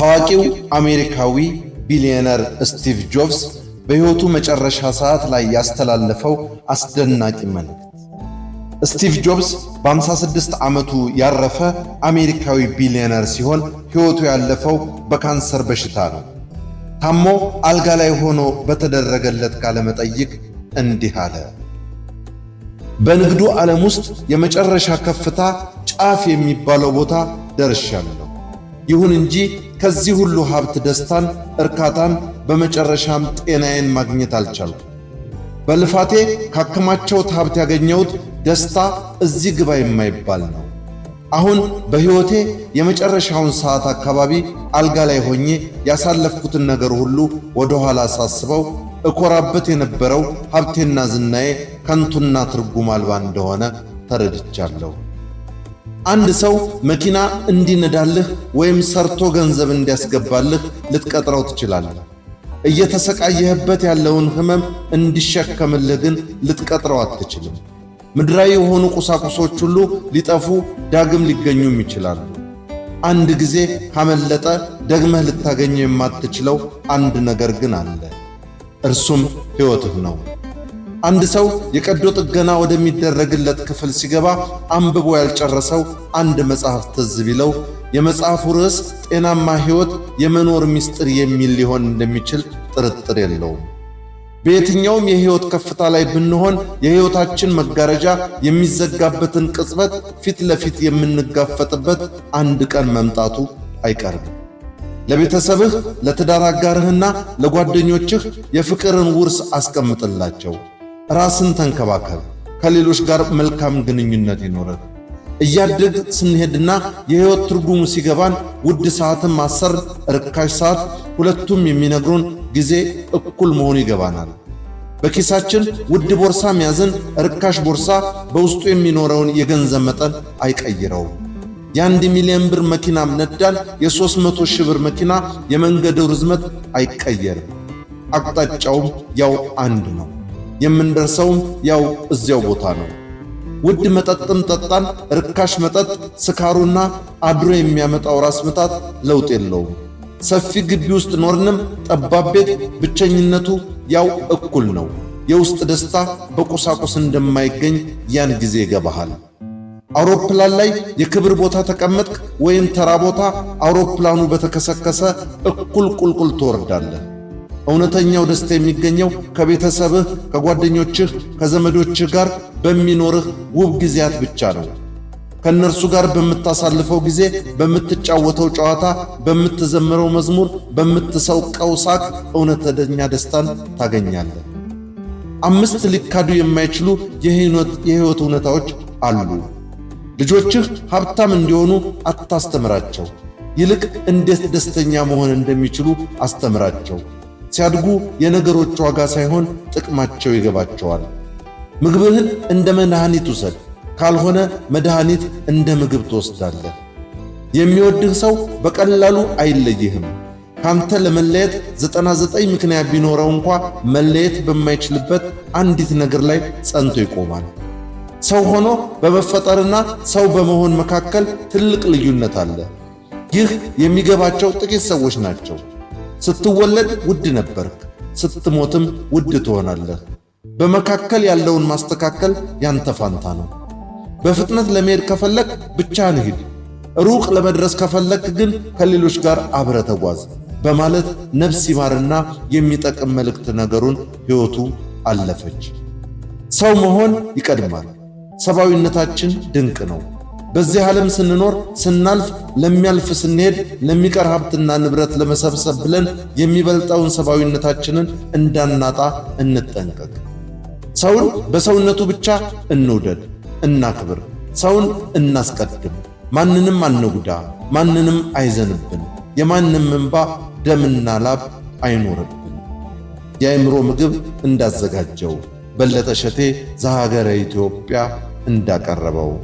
ታዋቂው አሜሪካዊ ቢሊዮነር ስቲቭ ጆብስ በሕይወቱ መጨረሻ ሰዓት ላይ ያስተላለፈው አስደናቂ መልእክት። ስቲቭ ጆብስ በ56 ዓመቱ ያረፈ አሜሪካዊ ቢሊዮነር ሲሆን ሕይወቱ ያለፈው በካንሰር በሽታ ነው። ታሞ አልጋ ላይ ሆኖ በተደረገለት ቃለመጠይቅ እንዲህ አለ። በንግዱ ዓለም ውስጥ የመጨረሻ ከፍታ ጫፍ የሚባለው ቦታ ደርሻለሁ። ይሁን እንጂ ከዚህ ሁሉ ሀብት ደስታን፣ እርካታን፣ በመጨረሻም ጤናዬን ማግኘት አልቻልኩ። በልፋቴ ካከማቸውት ሀብት ያገኘሁት ደስታ እዚህ ግባ የማይባል ነው። አሁን በሕይወቴ የመጨረሻውን ሰዓት አካባቢ አልጋ ላይ ሆኜ ያሳለፍኩትን ነገር ሁሉ ወደ ኋላ ሳስበው እኮራበት የነበረው ሀብቴና ዝናዬ ከንቱና ትርጉም አልባ እንደሆነ ተረድቻለሁ። አንድ ሰው መኪና እንዲነዳልህ ወይም ሰርቶ ገንዘብ እንዲያስገባልህ ልትቀጥረው ትችላለህ። እየተሰቃየህበት ያለውን ህመም እንዲሸከምልህ ግን ልትቀጥረው አትችልም። ምድራዊ የሆኑ ቁሳቁሶች ሁሉ ሊጠፉ ዳግም ሊገኙም ይችላሉ። አንድ ጊዜ ካመለጠ ደግመህ ልታገኘው የማትችለው አንድ ነገር ግን አለ። እርሱም ሕይወትህ ነው። አንድ ሰው የቀዶ ጥገና ወደሚደረግለት ክፍል ሲገባ አንብቦ ያልጨረሰው አንድ መጽሐፍ ትዝ ቢለው የመጽሐፉ ርዕስ ጤናማ ሕይወት የመኖር ምስጢር የሚል ሊሆን እንደሚችል ጥርጥር የለውም። በየትኛውም የሕይወት ከፍታ ላይ ብንሆን የሕይወታችን መጋረጃ የሚዘጋበትን ቅጽበት ፊት ለፊት የምንጋፈጥበት አንድ ቀን መምጣቱ አይቀርም። ለቤተሰብህ፣ ለትዳር አጋርህና ለጓደኞችህ የፍቅርን ውርስ አስቀምጥላቸው። ራስን ተንከባከብ፣ ከሌሎች ጋር መልካም ግንኙነት ይኖረን። እያደግ ስንሄድና የሕይወት ትርጉሙ ሲገባን ውድ ሰዓትን ማሰር፣ ርካሽ ሰዓት ሁለቱም የሚነግሩን ጊዜ እኩል መሆኑ ይገባናል። በኪሳችን ውድ ቦርሳ መያዝን ርካሽ ቦርሳ በውስጡ የሚኖረውን የገንዘብ መጠን አይቀይረውም። የአንድ ሚሊዮን ብር መኪና ነዳን፣ የሦስት መቶ ሺህ ብር መኪና የመንገዱ ርዝመት አይቀየርም። አቅጣጫውም ያው አንድ ነው። የምንደርሰውም ያው እዚያው ቦታ ነው። ውድ መጠጥም ጠጣን፣ ርካሽ መጠጥ ስካሩና አድሮ የሚያመጣው ራስ ምታት ለውጥ የለውም። ሰፊ ግቢ ውስጥ ኖርንም ጠባብ ቤት ብቸኝነቱ ያው እኩል ነው። የውስጥ ደስታ በቁሳቁስ እንደማይገኝ ያን ጊዜ ይገባሃል። አውሮፕላን ላይ የክብር ቦታ ተቀመጥክ ወይም ተራ ቦታ፣ አውሮፕላኑ በተከሰከሰ እኩል ቁልቁል ትወርዳለህ። እውነተኛው ደስታ የሚገኘው ከቤተሰብህ፣ ከጓደኞችህ፣ ከዘመዶችህ ጋር በሚኖርህ ውብ ጊዜያት ብቻ ነው። ከእነርሱ ጋር በምታሳልፈው ጊዜ፣ በምትጫወተው ጨዋታ፣ በምትዘምረው መዝሙር፣ በምትሰውቀው ሳቅ እውነተኛ ደስታን ታገኛለህ። አምስት ሊካዱ የማይችሉ የሕይወት እውነታዎች አሉ። ልጆችህ ሀብታም እንዲሆኑ አታስተምራቸው። ይልቅ እንዴት ደስተኛ መሆን እንደሚችሉ አስተምራቸው። ሲያድጉ የነገሮች ዋጋ ሳይሆን ጥቅማቸው ይገባቸዋል። ምግብህን እንደ መድኃኒት ውሰድ፣ ካልሆነ መድኃኒት እንደ ምግብ ትወስዳለህ። የሚወድህ ሰው በቀላሉ አይለይህም። ካንተ ለመለየት 99 ምክንያት ቢኖረው እንኳ መለየት በማይችልበት አንዲት ነገር ላይ ጸንቶ ይቆማል። ሰው ሆኖ በመፈጠርና ሰው በመሆን መካከል ትልቅ ልዩነት አለ። ይህ የሚገባቸው ጥቂት ሰዎች ናቸው። ስትወለድ ውድ ነበርክ፣ ስትሞትም ውድ ትሆናለህ። በመካከል ያለውን ማስተካከል ያንተ ፋንታ ነው። በፍጥነት ለመሄድ ከፈለክ ብቻህን ሂድ፣ ሩቅ ለመድረስ ከፈለክ ግን ከሌሎች ጋር አብረ ተጓዝ በማለት ነፍስ ይማርና የሚጠቅም መልእክት ነገሩን ሕይወቱ አለፈች። ሰው መሆን ይቀድማል። ሰብአዊነታችን ድንቅ ነው። በዚህ ዓለም ስንኖር ስናልፍ፣ ለሚያልፍ ስንሄድ፣ ለሚቀር ሀብትና ንብረት ለመሰብሰብ ብለን የሚበልጠውን ሰብአዊነታችንን እንዳናጣ እንጠንቀቅ። ሰውን በሰውነቱ ብቻ እንውደድ፣ እናክብር፣ ሰውን እናስቀድም፣ ማንንም አንጉዳ፣ ማንንም አይዘንብን፣ የማንም እንባ ደምና ላብ አይኖርብን። የአእምሮ ምግብ እንዳዘጋጀው በለጠ ሸቴ ዘሀገረ ኢትዮጵያ እንዳቀረበው